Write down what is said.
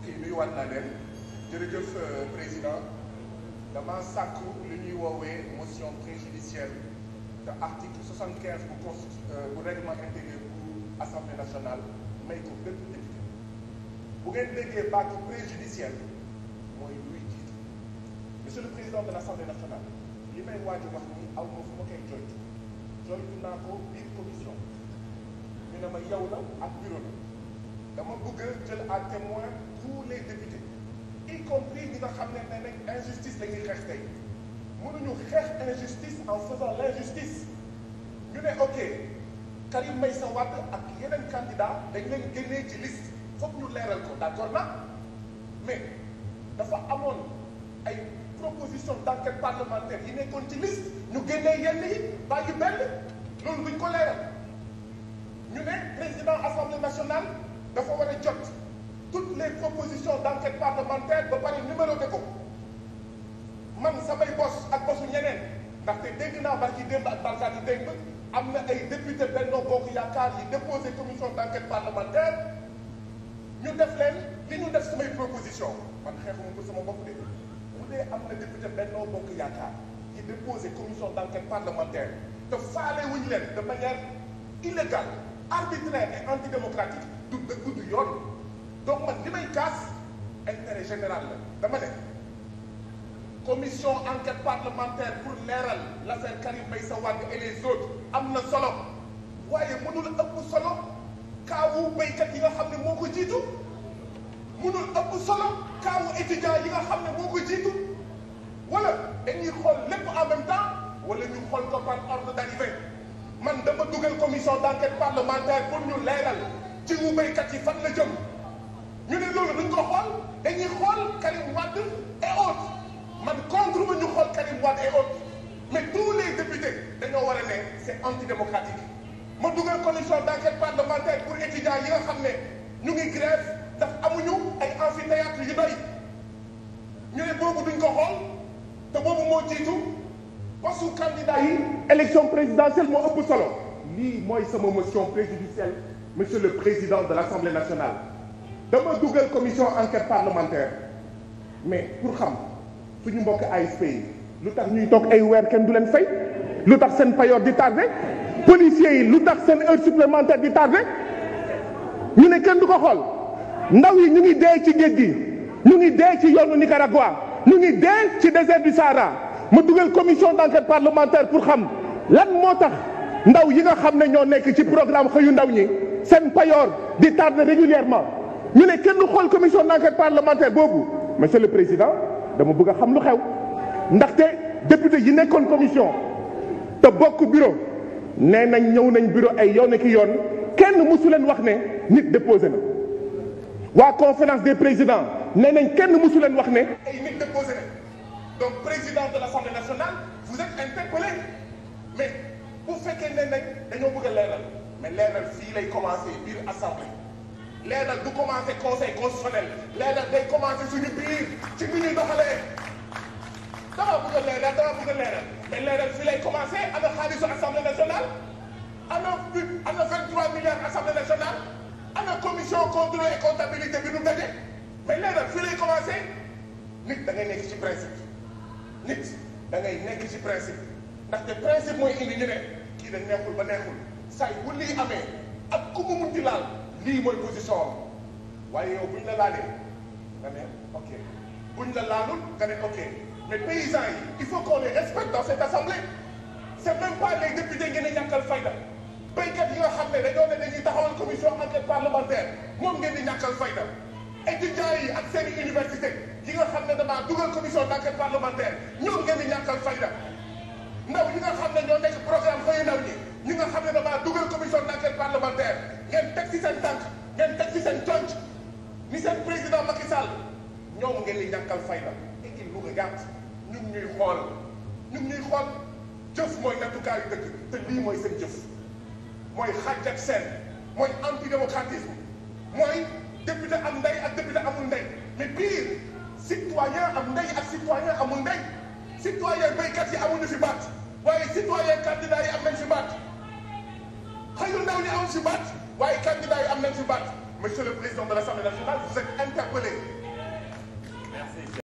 ok nuyuwaat naa leen jërëjëf euh, président dama sàkku li ñuy woowee motion préjudicielle te article bu const euh, bu règlement intérieur bu assemblée nationale may ko bépp député bu ngeen déggee baatu préjudicielle mooy luy jiitu monsieur le président de l' nationale li may waaj wax ni aw ma fu ma koy jooytu jooytu naa ko biir commission ñu ne ma yow la ak bureau la dama bëgg a jël à témoin tous les députés y nga xam ne ne nag injustice la ñuy xeex tey mënuñu xeex injustice en faisant l'injustice ñu ne ok Karim Meïssa Wade ak yeneen candidat dañ leen génnee ci liste foog ñu leeral ko d'accord na mais dafa amoon ay proposition d'enquête parlementaire yi nekkoon ci liste ñu génnee yenn yi loolu buñ ko leeral commission d'enquête parlementaire ba pare numéroté ko man samay bos ak bosu ñeneen ndaxte dégg naa barki démb ak barkaati démb am na ay député Benno Bokk Yaakaar yi déposé commission d'enquête parlementaire ñu def leen li ñu def samay proposition man xeexuma ko sama bopp de bu dee am na député Benno Bokk Yaakaar yi déposé commission d'enquête parlementaire te faale wuñu leen de manière illégale arbitraire et antidémocratique du dëgg du yoon donc man li may intérêt général la dama ne commission enquête parlementaire pour leeral l'affaire Karim Meïssa Wade et les autres am na solo waaye mënul ëpp solo kaawu béykat yi nga xam ne moo ko jiitu mënul ëpp solo kaawu étudiant yi nga xam ko jiitu wala dañuy xool lépp en même wala ñu xool ko par ordre d'arrivée man dama dugal commission d'enquête parlementaire pour ñu leeral ci wu béykat yi fan la jëm ñu ne loolu duñ ko xool dañuy xool Karim Wade et autres man contre ma ñu xool Karim Wade et autres mais tous les députés dañoo war a ne c'est antidémocratique ma dugal commission d'enquête parlementaire pour étudiants yi nga xam ne ñu ngi grève daf amuñu ay amphithéâtre yu doy ñu ne boobu duñ ko xool te boobu moo jiitu postu candidat yi élection présidentielle moo ëpp solo lii mooy sama motion préjudicielle monsieur le président de l'Assemblée nationale dama dugal commission enquête parlementaire mais pour xam suñu mbokk ASP yi lu tax ñuy toog ay weer kenn du leen fay lu tax seen payoor di tardé policiers yi lu tax seen heure supplémentaire di tardé ñu ne kenn du ko xool ndaw yi ñu ngi dee ci géej gi ñu ngi dee ci yoonu Nicaragua ñu ngi dee ci désert bi Sahara ma dugal commission d'enquête parlementaire pour xam lan moo tax ndaw yi nga xam ne ñoo nekk ci programme xëyu ndaw ñi seen payoor di tardé régulièrement ñu ne kenn xool commission d'enquête parlementaire boobu monsieur le président dama bëgg a xam lu xew ndaxte député yi nekkoon commission te bokk bureau nee nañ ñëw nañ bureau ay yoon ki yoon kenn mësu leen wax ne nit déposé na waa conférence des présidents nee nañ kenn mësu leen wax ne ay nit déposé na donc président de l'Assemblée nationale vous êtes interpellé mais bu fekkee ne nañ dañoo bëgg a leeral mais leeral fii lay commencé biir assemblée leeral du commencé conseil constitutionnel leeral day commencé si biir ci bi ñu doxalee dama bëgg a leeral dama bëgg a leeral te leeral fii lay commencé ana xaalisu assemblée nationale ana bu ana 23 milliards assemblée nationale ana commission contrôle et comptabilité bi nu daje mais leeral fii lay commencé nit da ngay ci principe nit da ngay nekk ci principe ndaxte principe mooy indi ñu kii dañ neexul ba neexul say bu lii amee ak ku mu lii mooy position am waaye yow buñ la laalee nga ne ok buñ la laalul nga ne ok mais paysans yi il faut qu'on les respecte dans cette assemblée c'est a ñàkkal yi nga xam ne dañoo ne dañuy taxawal commission enquête parlementaire moom ngeen di ñàkkal fayda étudiants yi ak seen i yi nga xam ne damaa dugal commission d'enquête parlementaire ñoom ngeen di ñàkkal fayda ndaw ñi nga xam ne ñoo nekk programme xëy ndaw ñi ñi nga xam ne damaa dugal commission d'enquête parlementaire ngeen teg ci seen tànk ngeen teg ci seen conc ni seen président Macky Sall ñoom ngeen di ñàkkal fayda indi lu ko gàtt ñun ñuy xool ñun ñuy xool jëf mooy nattukaayu dëkk te lii mooy seen jëf mooy xàjj seen mooy anti démocratisme mooy député am ndey ak député amul ndey mais pire citoyen am ndey ak citoyen amul ndey citoyen béykat yi amuñu fi baat waaye citoyen candidat yi am nañ fi baat xëyu ndaw ñi amul waaye candidat yi am nañ ci baat monsieur le président de l'Assemblée nationale vous êtes interpellé